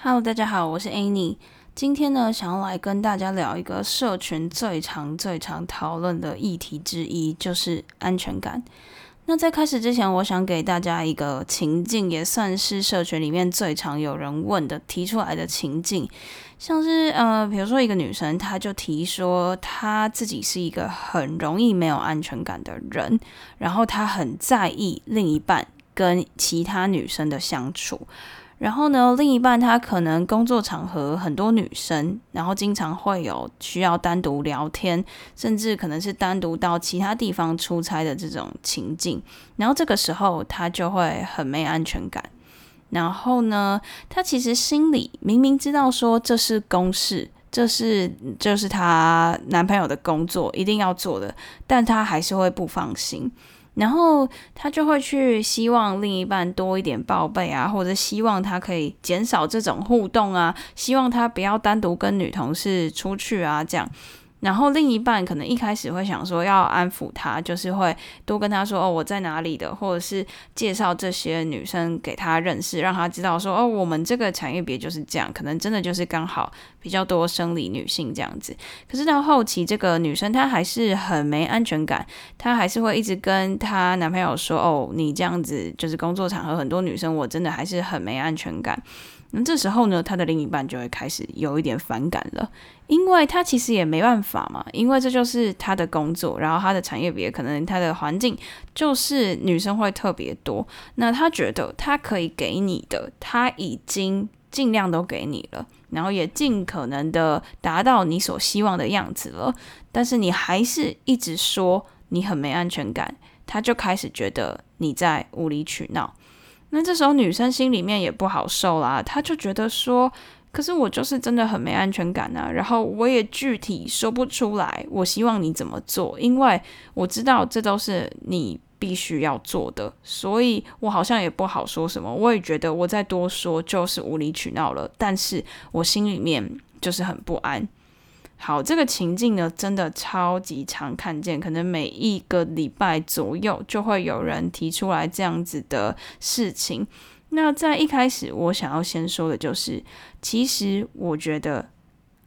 Hello，大家好，我是 Annie。今天呢，想要來跟大家聊一個社群最常、最常討論的議題之一，就是安全感。那在開始之前，我想給大家一個情境，也算是社群裡面最常有人問的，提出來的情境，像是，呃，比如說一個女生，她就提說她自己是一個很容易沒有安全感的人，然後她很在意另一半跟其他女生的相處。然後呢，另一半他可能工作場合很多女生，然後經常會有需要單獨聊天，甚至可能是單獨到其他地方出差的這種情境。然後這個時候他就會很沒安全感。然後呢，他其實心裡明明知道說這是公事，這是就是他男朋友的工作，一定要做的，但他還是會不放心。然後他就會去希望另一半多一點報備啊，或者希望他可以減少這種互動啊，希望他不要單獨跟女同事出去啊，這樣。然後另一半可能一開始會想說要安撫她，就是會多跟她說哦，我在哪裡的，或者是介紹這些女生給她認識，讓她知道說哦，我們這個產業別就是這樣，可能真的就是剛好比較多生理女性這樣子。可是到後期這個女生她還是很沒安全感，她還是會一直跟她男朋友說哦，你這樣子就是工作場合很多女生，我真的還是很沒安全感。那這時候呢，他的另一半就會開始有一點反感了，因為他其實也沒辦法嘛，因為這就是他的工作，然後他的產業別可能他的環境就是女生會特別多，那他覺得他可以給你的，他已經盡量都給你了，然後也盡可能的達到你所希望的樣子了，但是你還是一直說你很沒安全感，他就開始覺得你在無理取鬧。那這時候女生心裡面也不好受啦，她就覺得說，可是我就是真的很沒安全感啊。然後我也具體說不出來，我希望你怎麼做，因為我知道這都是你必須要做的，所以我好像也不好說什麼。我也覺得我再多說就是無理取鬧了，但是我心裡面就是很不安。好，這個情境呢，真的超級常看見，可能每一個禮拜左右就會有人提出來這樣子的事情。那在一開始，我想要先說的就是，其實我覺得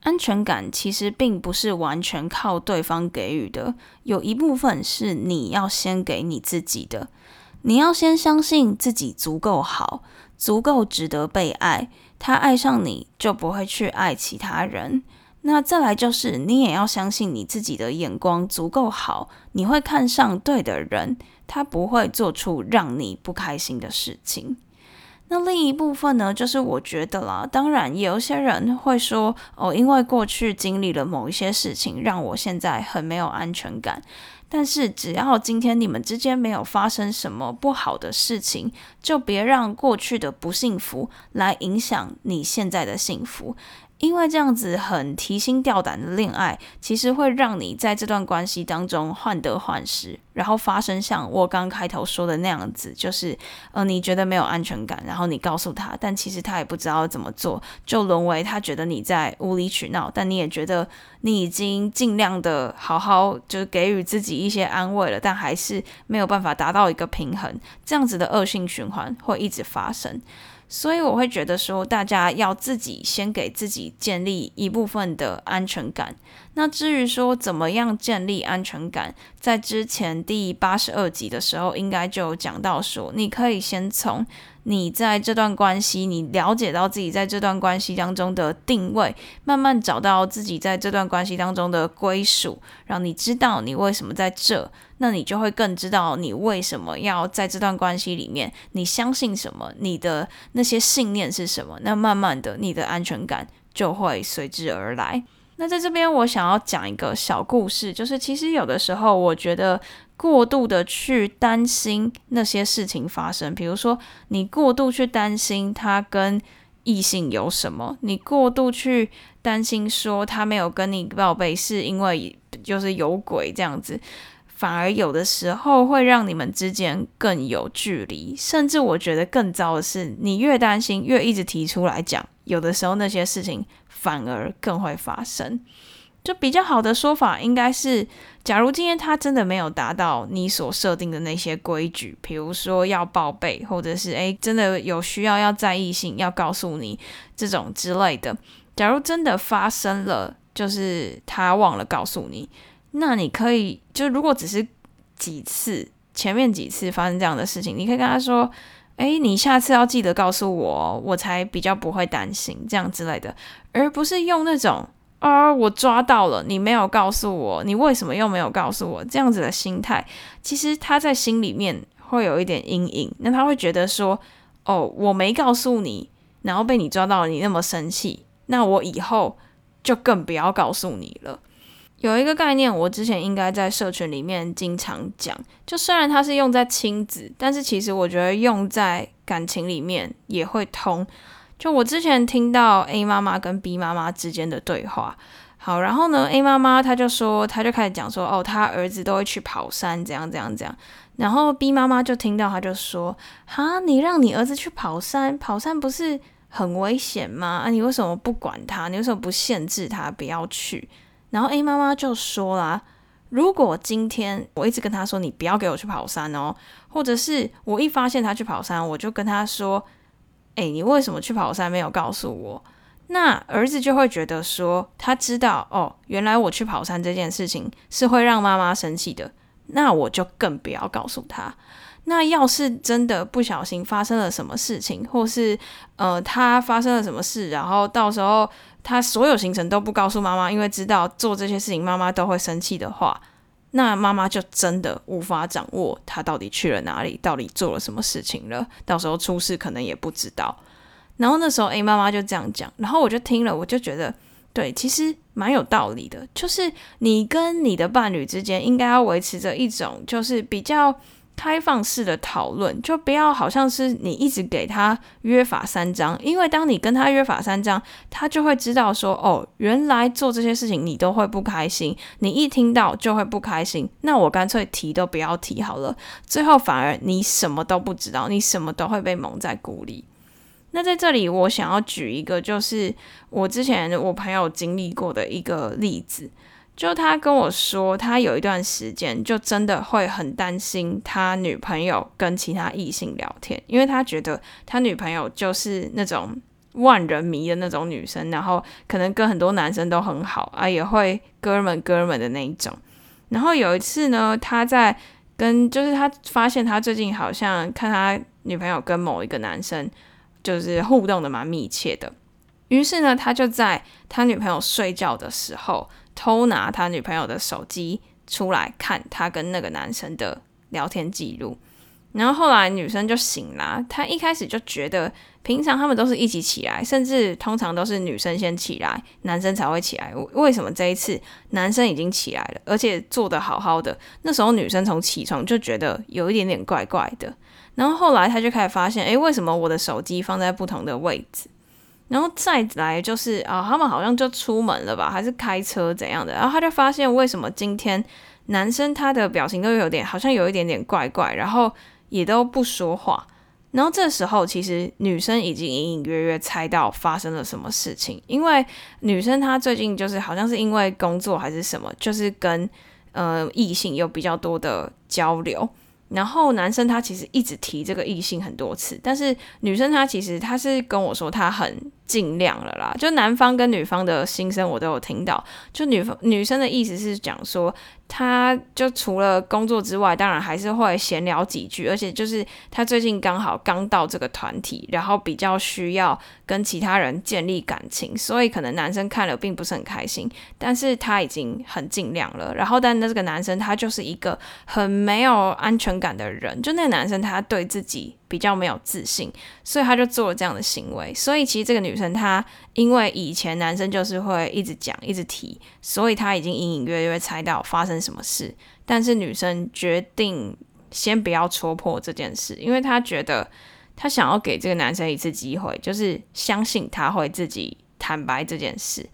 安全感其實並不是完全靠對方給予的，有一部分是你要先給你自己的，你要先相信自己足夠好，足夠值得被愛，他愛上你就不會去愛其他人。那再來就是，你也要相信你自己的眼光足夠好，你會看上對的人，他不會做出讓你不開心的事情。那另一部分呢，就是我覺得啦，當然也有些人會說哦，因為過去經歷了某一些事情，讓我現在很沒有安全感。但是只要今天你們之間沒有發生什麼不好的事情，就別讓過去的不幸福來影響你現在的幸福。因為這樣子很提心吊膽的戀愛，其實會讓你在這段關係當中患得患失，然後發生像我剛開頭說的那樣子，就是，呃，你覺得沒有安全感，然後你告訴他，但其實他也不知道怎麼做，就淪為他覺得你在無理取鬧，但你也覺得你已經盡量的好好就是給予自己一些安慰了，但還是沒有辦法達到一個平衡，這樣子的惡性循環會一直發生。所以我會覺得說，大家要自己先給自己建立一部分的安全感。那至於說怎麼樣建立安全感，在之前第八十二集的時候，應該就講到說，你可以先從你在這段關係，你了解到自己在這段關係當中的定位，慢慢找到自己在這段關係當中的歸屬，讓你知道你為什麼在這，那你就會更知道你為什麼要在這段關係裡面，你相信什麼，你的那些信念是什麼，那慢慢的，你的安全感就會隨之而來。那在這邊，我想要講一個小故事，就是其實有的時候，我覺得過度的去擔心那些事情發生，比如說你過度去擔心他跟異性有什麼，你過度去擔心說他沒有跟你報備，是因為就是有鬼這樣子。反而有的時候會讓你們之間更有距離，甚至我覺得更糟的是，你越擔心，越一直提出來講，有的時候那些事情反而更會發生。就比較好的說法應該是，假如今天他真的沒有達到你所設定的那些規矩，比如說要報備，或者是誒，真的有需要要在異性要告訴你這種之類的，假如真的發生了，就是他忘了告訴你。那你可以，就如果只是幾次前面幾次發生這樣的事情，你可以跟他說：“哎，你下次要記得告訴我，我才比較不會擔心這樣之類的。”而不是用那種“啊，我抓到了你沒有告訴我，你為什麼又沒有告訴我”這樣子的心態。其實他在心裡面會有一點陰影，那他會覺得說：“哦，我沒告訴你，然後被你抓到了，你那麼生氣，那我以後就更不要告訴你了。”有一個概念，我之前應該在社群裡面經常講，就雖然它是用在親子，但是其實我覺得用在感情裡面也會通。就我之前聽到 A 媽媽跟 B 媽媽之間的對話，好，然後呢，A 媽媽她就說，她就開始講說，哦，她兒子都會去跑山，怎樣怎樣怎樣。然後 B 媽媽就聽到，她就說，啊，你讓你兒子去跑山，跑山不是很危險嗎？啊，你為什麼不管他？你為什麼不限制他不要去？然後 A 媽媽就說啦：“如果今天我一直跟他說你不要給我去跑山哦，或者是我一發現他去跑山，我就跟他說，哎，你為什麼去跑山沒有告訴我？那兒子就會覺得說，他知道哦，原來我去跑山這件事情是會讓媽媽生氣的，那我就更不要告訴他。那要是真的不小心發生了什麼事情，或是呃他發生了什麼事，然後到時候。”他所有行程都不告訴媽媽，因為知道做這些事情媽媽都會生氣的話，那媽媽就真的無法掌握他到底去了哪裡，到底做了什麼事情了。到時候出事可能也不知道。然後那時候，哎、欸，媽媽就這樣講，然後我就聽了，我就覺得對，其實蠻有道理的。就是你跟你的伴侶之間應該要維持着一種，就是比較。開放式的討論，就不要好像是你一直給他約法三章，因為當你跟他約法三章，他就會知道說，哦，原來做這些事情你都會不開心，你一聽到就會不開心，那我乾脆提都不要提好了。最後反而你什麼都不知道，你什麼都會被蒙在鼓裡。那在這裡，我想要舉一個，就是我之前我朋友經歷過的一個例子。就他跟我說，他有一段時間就真的會很擔心他女朋友跟其他異性聊天，因為他覺得他女朋友就是那種萬人迷的那種女生，然後可能跟很多男生都很好啊，也會哥們哥們的那種。然後有一次呢，他在跟就是他發現他最近好像看他女朋友跟某一個男生就是互動的蠻密切的，於是呢，他就在他女朋友睡覺的時候，偷拿他女朋友的手機出來看他跟那個男生的聊天記錄，然後後來女生就醒了，她一開始就覺得平常他們都是一起起來，甚至通常都是女生先起來，男生才會起來。為什麼這一次男生已經起來了，而且坐得好好的？那時候女生從起床就覺得有一點點怪怪的，然後後來她就開始發現，誒，為什麼我的手機放在不同的位置？然後再來就是啊、哦，他們好像就出門了吧，還是開車怎樣的？然後他就發現為什麼今天男生他的表情都有點，好像有一點點怪怪，然後也都不說話。然後這時候其實女生已經隱隱約約猜到發生了什麼事情，因為女生她最近就是好像是因為工作還是什麼，就是跟呃異性有比較多的交流。然後男生他其實一直提這個異性很多次，但是女生她其實她是跟我說她很。盡量了啦，就男方跟女方的心聲我都有聽到。就女方女生的意思是講說，她就除了工作之外，當然還是會閒聊幾句，而且就是她最近剛好剛到這個團體，然後比較需要跟其他人建立感情，所以可能男生看了並不是很開心，但是她已經很盡量了。然後，但那這個男生他就是一個很沒有安全感的人，就那個男生他對自己比較沒有自信，所以他就做了這樣的行為。所以其實這個女生。他因為以前男生就是會一直講、一直提，所以他已經隱隱約約猜到發生什麼事。但是女生決定先不要戳破這件事，因為她覺得她想要給這個男生一次機會，就是相信他會自己坦白這件事。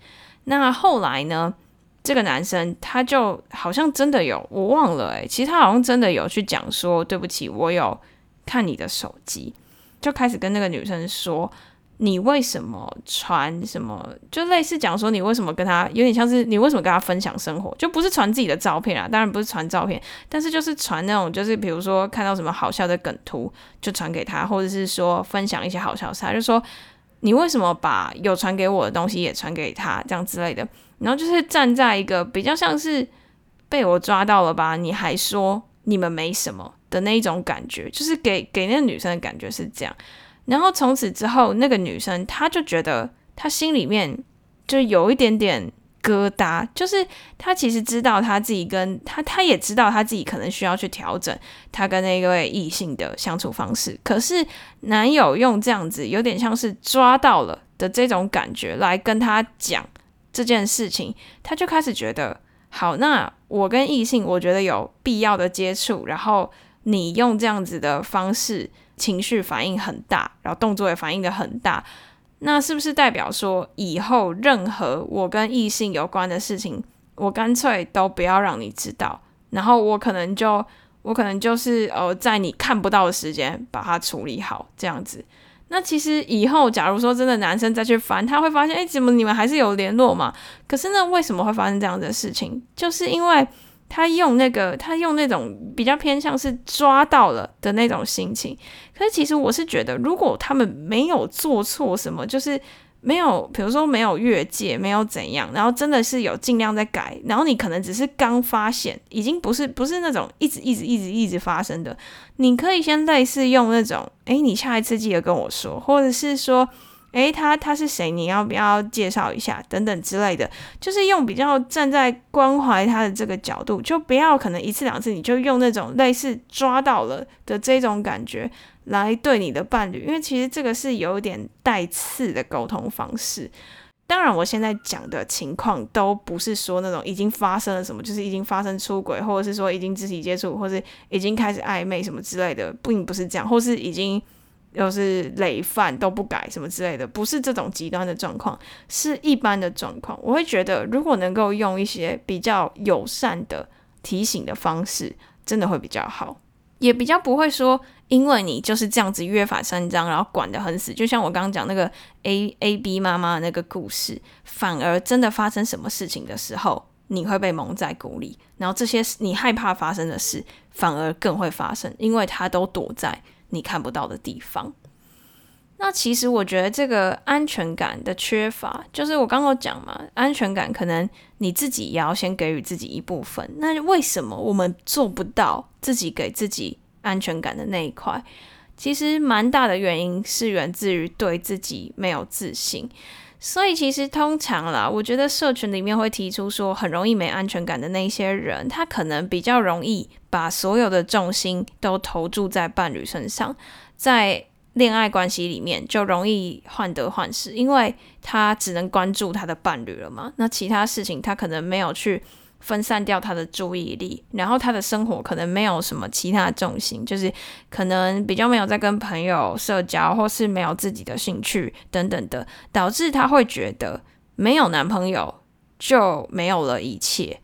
那後來呢？這個男生他就好像真的有，我忘了誒、欸，其實他好像真的有去講說：“對不起，我有看你的手機。”就開始跟那個女生說。你為什麼傳什麼？就類似講說，你為什麼跟他有點像是你為什麼跟他分享生活？就不是傳自己的照片啊，當然不是傳照片，但是就是傳那種，就是比如說看到什麼好笑的梗圖就傳給他，或者是說分享一些好笑的事，他就說你為什麼把有傳給我的東西也傳給他，這樣之類的。然後就是站在一個比較像是被我抓到了吧，你還說你們沒什麼的那一種感覺，就是給給那個女生的感覺是這樣。然後從此之後，那個女生她就覺得她心裡面就有一點點疙瘩，就是她其實知道她自己跟她，她也知道她自己可能需要去調整她跟那位異性的相處方式。可是男友用這樣子有點像是抓到了的這種感覺來跟她講這件事情，她就開始覺得好，那我跟異性我覺得有必要的接觸，然後你用這樣子的方式。情緒反應很大，然後動作也反應得很大，那是不是代表說以後任何我跟異性有關的事情，我乾脆都不要讓你知道，然後我可能就我可能就是呃、哦、在你看不到的時間把它處理好這樣子。那其實以後假如說真的男生再去翻，他會發現哎怎麼你們還是有聯絡嘛？可是那為什麼會發生這樣子的事情？就是因為。他用那個，他用那種比較偏向是抓到了的那種心情。可是其實我是覺得，如果他們沒有做錯什麼，就是沒有，比如說沒有越界，沒有怎樣，然後真的是有盡量在改，然後你可能只是剛發現，已經不是不是那種一直一直一直一直發生的。你可以先類似用那種，誒，你下一次記得跟我說，或者是說。誒、欸，他他是誰？你要不要介紹一下？等等之類的，就是用比較站在關懷他的這個角度，就不要可能一次兩次你就用那種類似抓到了的這種感覺來對你的伴侶，因為其實這個是有點帶刺的溝通方式。當然，我現在講的情況都不是說那種已經發生了什麼，就是已經發生出軌，或者是說已經肢體接觸，或是已經開始曖昧什麼之類的，並不，不是這樣，或是已經。又是累犯都不改什麼之類的，不是這種極端的狀況，是一般的狀況。我會覺得，如果能夠用一些比較友善的提醒的方式，真的會比較好，也比較不會說，因為你就是這樣子約法三章，然後管得很死。就像我剛剛講那個 A A B 媽媽那個故事，反而真的發生什麼事情的時候，你會被蒙在鼓裡，然後這些你害怕發生的事，反而更會發生，因為他都躲在。你看不到的地方，那其實我覺得這個安全感的缺乏，就是我剛剛講嘛，安全感可能你自己也要先給予自己一部分。那為什麼我們做不到自己給自己安全感的那一塊？其實蠻大的原因是源自於對自己沒有自信。所以其實通常啦，我覺得社群裡面會提出說，很容易沒安全感的那些人，他可能比較容易把所有的重心都投注在伴侶身上，在戀愛關係裡面就容易患得患失，因為他只能關注他的伴侶了嘛，那其他事情他可能沒有去。分散掉他的注意力，然後他的生活可能沒有什麼其他重心，就是可能比較沒有在跟朋友社交，或是沒有自己的興趣等等的，導致他會覺得沒有男朋友就沒有了一切。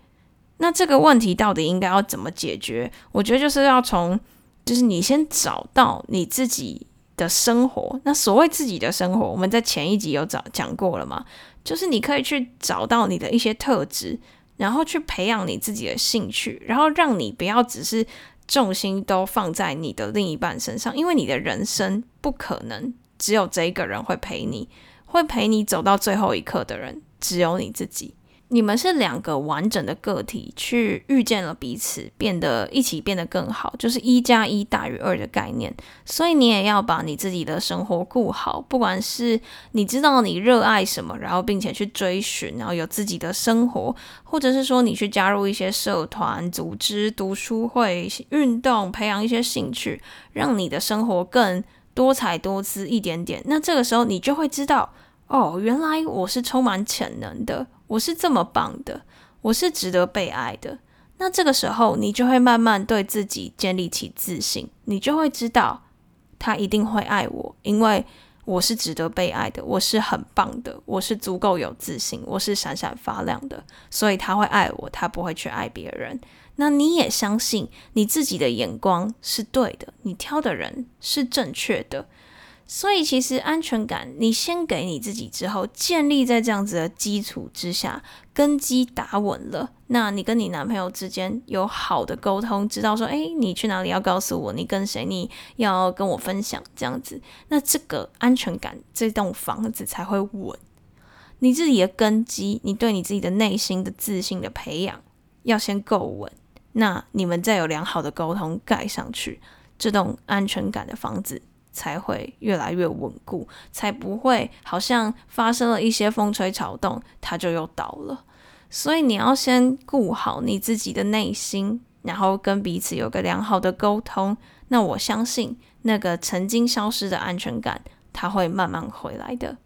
那這個問題到底應該要怎麼解決？我覺得就是要從，就是你先找到你自己的生活。那所謂自己的生活，我們在前一集有找講過了嘛，就是你可以去找到你的一些特質。然後去培養你自己的興趣，然後讓你不要只是重心都放在你的另一半身上，因為你的人生不可能只有這一個人會陪你，會陪你走到最後一刻的人，只有你自己。你們是兩個完整的個體去遇見了彼此，變得一起變得更好，就是一加一大於二的概念。所以你也要把你自己的生活顧好，不管是你知道你熱愛什麼，然後並且去追尋，然後有自己的生活，或者是說你去加入一些社團、組織、讀書會、運動，培養一些興趣，讓你的生活更多彩多姿一點點。那這個時候你就會知道，哦，原來我是充滿潛能的。我是這麼棒的，我是值得被愛的。那這個時候，你就會慢慢對自己建立起自信，你就會知道他一定會愛我，因為我是值得被愛的，我是很棒的，我是足夠有自信，我是閃閃發亮的，所以他會愛我，他不會去愛別人。那你也相信你自己的眼光是對的，你挑的人是正確的。所以，其實安全感你先給你自己，之後建立在這樣子的基礎之下，根基打穩了，那你跟你男朋友之間有好的溝通，知道說，誒，你去哪裡要告訴我，你跟誰，你要跟我分享這樣子，那這個安全感這棟房子才會穩。你自己的根基，你對你自己的內心的自信的培養要先夠穩，那你們再有良好的溝通蓋上去，這棟安全感的房子。才會越來越穩固，才不會好像發生了一些風吹草動，它就又倒了。所以你要先顧好你自己的內心，然後跟彼此有個良好的溝通。那我相信那個曾經消失的安全感，它會慢慢回來的。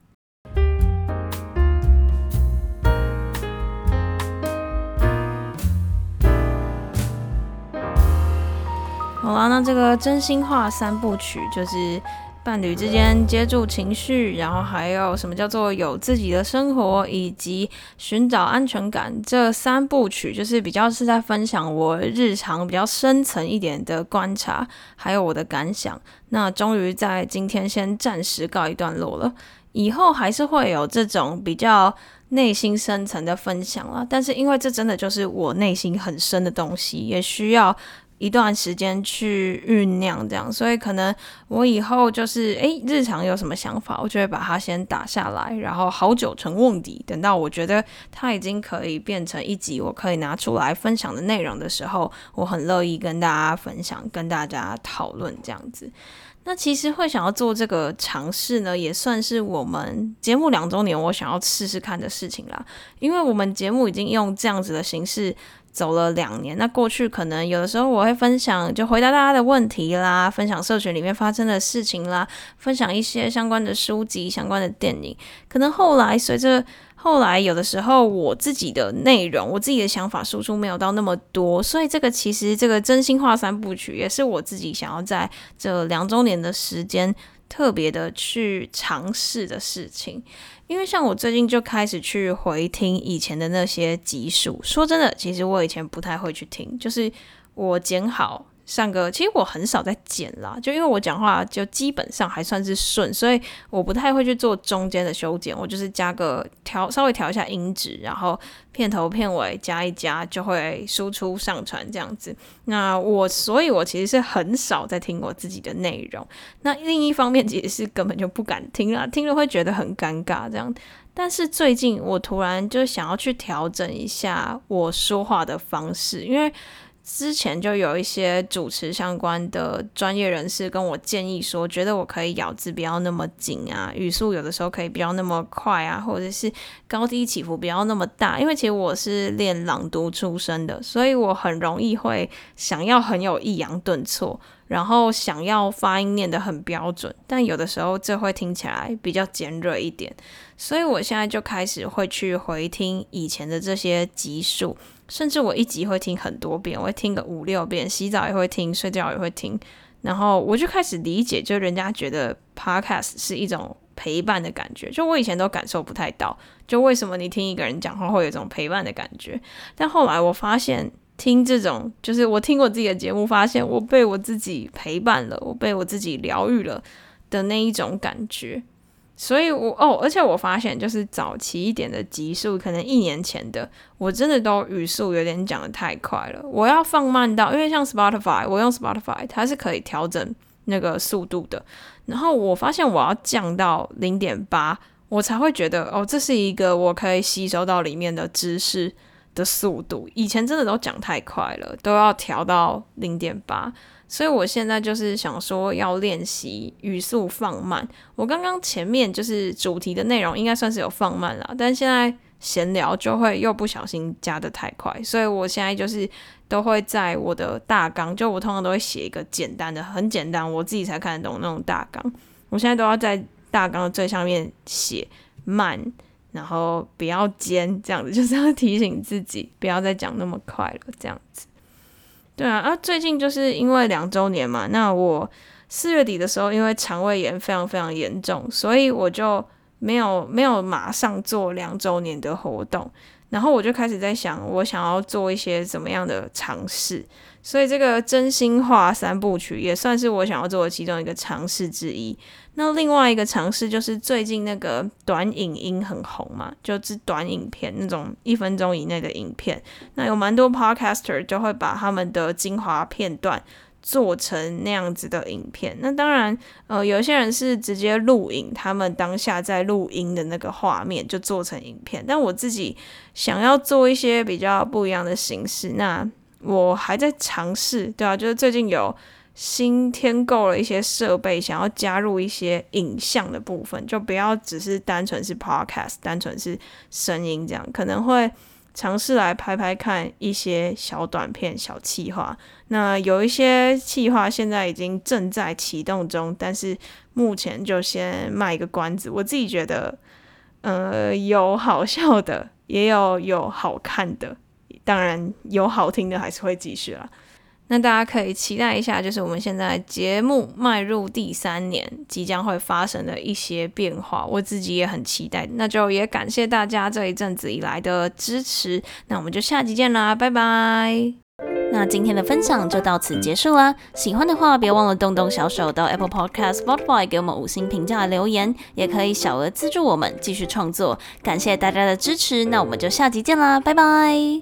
好了，那這個真心話三部曲就是伴侶之間接觸情緒，然後還有什麼叫做有自己的生活，以及尋找安全感這三部曲，就是比較是在分享我日常比較深層一點的觀察，還有我的感想。那終於在今天先暫時告一段落了，以後還是會有這種比較內心深層的分享了。但是因為這真的就是我內心很深的東西，也需要。一段時間去醞釀，這樣，所以可能我以後就是，哎、欸，日常有什麼想法，我就會把它先打下來，然後好酒沉甕底，等到我覺得它已經可以變成一集，我可以拿出來分享的內容的時候，我很樂意跟大家分享，跟大家討論這樣子。那其實會想要做這個嘗試呢，也算是我們節目兩周年，我想要試試看的事情啦。因為我們節目已經用這樣子的形式走了兩年，那過去可能有的時候我會分享，就回答大家的問題啦，分享社群裡面發生的事情啦，分享一些相關的書籍、相關的電影，可能後來隨着。後來有的時候我自己的內容，我自己的想法輸出沒有到那麼多，所以這個其實這個真心話三部曲也是我自己想要在這兩週年的時間特別的去嘗試的事情。因為像我最近就開始去回聽以前的那些集數，說真的，其實我以前不太會去聽，就是我剪好。上個其實我很少在剪啦，就因為我講話就基本上還算是順，所以我不太會去做中間的修剪，我就是加個調，稍微調一下音質，然後片頭片尾加一加就會輸出上傳這樣子。那我，所以我其實是很少在聽我自己的內容。那另一方面其實是根本就不敢聽啊，聽了會覺得很尷尬這樣。但是最近我突然就想要去調整一下我說話的方式，因為。之前就有一些主持相關的專業人士跟我建議說，覺得我可以咬字不要那麼緊啊，語速有的時候可以不要那麼快啊，或者是高低起伏不要那麼大，因為其實我是練朗讀出身的，所以我很容易會想要很有抑揚頓挫。然後想要發音念得很標準，但有的時候這會聽起來比較尖銳一點，所以我現在就開始會去回聽以前的這些集數，甚至我一集會聽很多遍，我會聽個五六遍，洗澡也會聽，睡覺也會聽，然後我就開始理解，就人家覺得 Podcast 是一種陪伴的感覺，就我以前都感受不太到，就為什麼你聽一個人講話會有一種陪伴的感覺，但後來我發現。聽這種，就是我聽我自己的節目，發現我被我自己陪伴了，我被我自己療愈了的那一種感覺。所以我，我哦，而且我發現，就是早期一點的集數，可能一年前的，我真的都語速有點講得太快了。我要放慢到，因為像 Spotify，我用 Spotify，它是可以調整那個速度的。然後我發現，我要降到零點八，我才會覺得，哦，這是一個我可以吸收到裡面的知識的速度，以前真的都講太快了，都要調到零點八，所以我現在就是想說要練習語速放慢。我剛剛前面就是主題的內容應該算是有放慢了，但現在閒聊就會又不小心加得太快，所以我現在就是都會在我的大綱，就我通常都會寫一個簡單的、很簡單我自己才看得懂那種大綱，我現在都要在大綱的最上面寫慢。然後不要尖這樣子，就是要提醒自己不要再講那麼快了，這樣子。對啊，啊，最近就是因為兩周年嘛，那我四月底的時候因為腸胃炎非常非常嚴重，所以我就沒有沒有馬上做兩周年的活動。然後我就開始在想，我想要做一些怎麼樣的嘗試，所以這個真心話三部曲也算是我想要做的其中一個嘗試之一。那另外一個嘗試就是最近那個短影音很紅嘛，就是短影片，那種一分鐘以內的影片，那有蠻多 Podcaster 就會把他們的精華片段。做成那樣子的影片，那當然，呃，有些人是直接錄影，他們當下在錄音的那個畫面就做成影片。但我自己想要做一些比較不一樣的形式，那我還在嘗試，對啊，就是最近有新添購了一些設備，想要加入一些影像的部分，就不要只是單純是 podcast，單純是聲音這樣，可能會。嘗試來拍拍看一些小短片、小企劃。那有一些企劃現在已經正在啟動中，但是目前就先賣一個關子。我自己覺得，呃，有好笑的，也有有好看的，當然有好聽的，還是會繼續啦。那大家可以期待一下，就是我們現在節目邁入第三年，即將會發生的一些變化。我自己也很期待，那就也感謝大家這一陣子以來的支持。那我們就下集見啦，拜拜。那今天的分享就到此結束啦。喜歡的話，別忘了動動小手到 Apple Podcast、Spotify 給我們五星評價、留言，也可以小額資助我們繼續創作。感謝大家的支持，那我們就下集見啦，拜拜。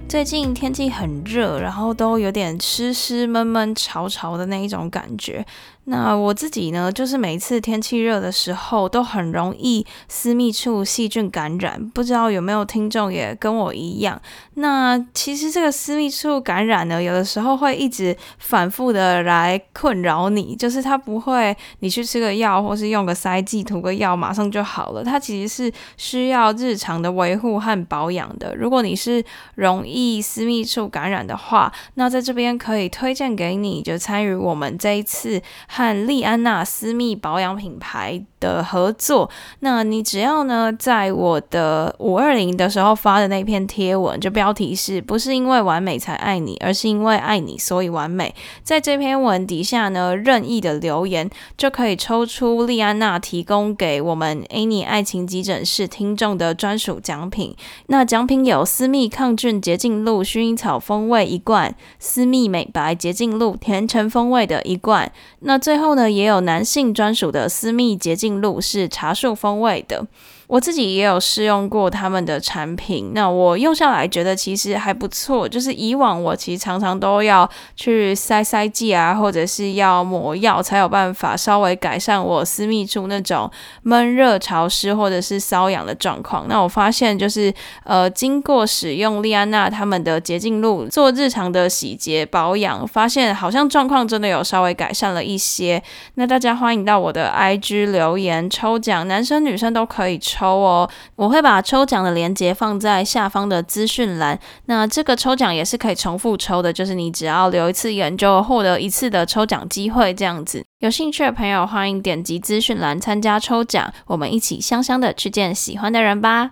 最近天氣很熱，然後都有點濕濕悶悶潮潮的那一種感覺。那我自己呢，就是每次天氣熱的時候，都很容易私密處細菌感染。不知道有沒有聽眾也跟我一樣？那其實這個私密處感染呢，有的時候會一直反覆的來困擾你，就是它不會你去吃個藥或是用個塞劑塗個藥馬上就好了。它其實是需要日常的維護和保養的。如果你是容易私密處感染的話，那在這邊可以推薦給你，就參與我們這一次和莉安娜私密保養品牌的合作。那你只要呢，在我的五二零的時候發的那篇貼文，就標題是不是因為完美才愛你，而是因為愛你所以完美。在這篇文底下呢，任意的留言就可以抽出莉安娜提供給我們 Annie 愛情急診室聽眾的專屬獎品。那獎品有私密抗菌潔淨。露薰衣草風味一罐，私密美白潔淨露，甜橙風味的一罐，那最後呢，也有男性專屬的私密潔淨露，是茶樹風味的。我自己也有試用過他們的產品，那我用下來覺得其實還不錯。就是以往我其實常常都要去塞塞劑啊，或者是要抹藥才有辦法稍微改善我私密處那種悶熱潮濕或者是瘙癢的狀況。那我發現就是呃，經過使用莉安娜他們的潔淨露做日常的洗潔保養，發現好像狀況真的有稍微改善了一些。那大家歡迎到我的 IG 留言抽獎，男生女生都可以抽。抽哦，我會把抽獎的連結放在下方的資訊欄。那這個抽獎也是可以重複抽的，就是你只要留一次言就獲得一次的抽獎機會，這樣子。有興趣的朋友歡迎點擊資訊欄參加抽獎，我們一起香香的去見喜歡的人吧。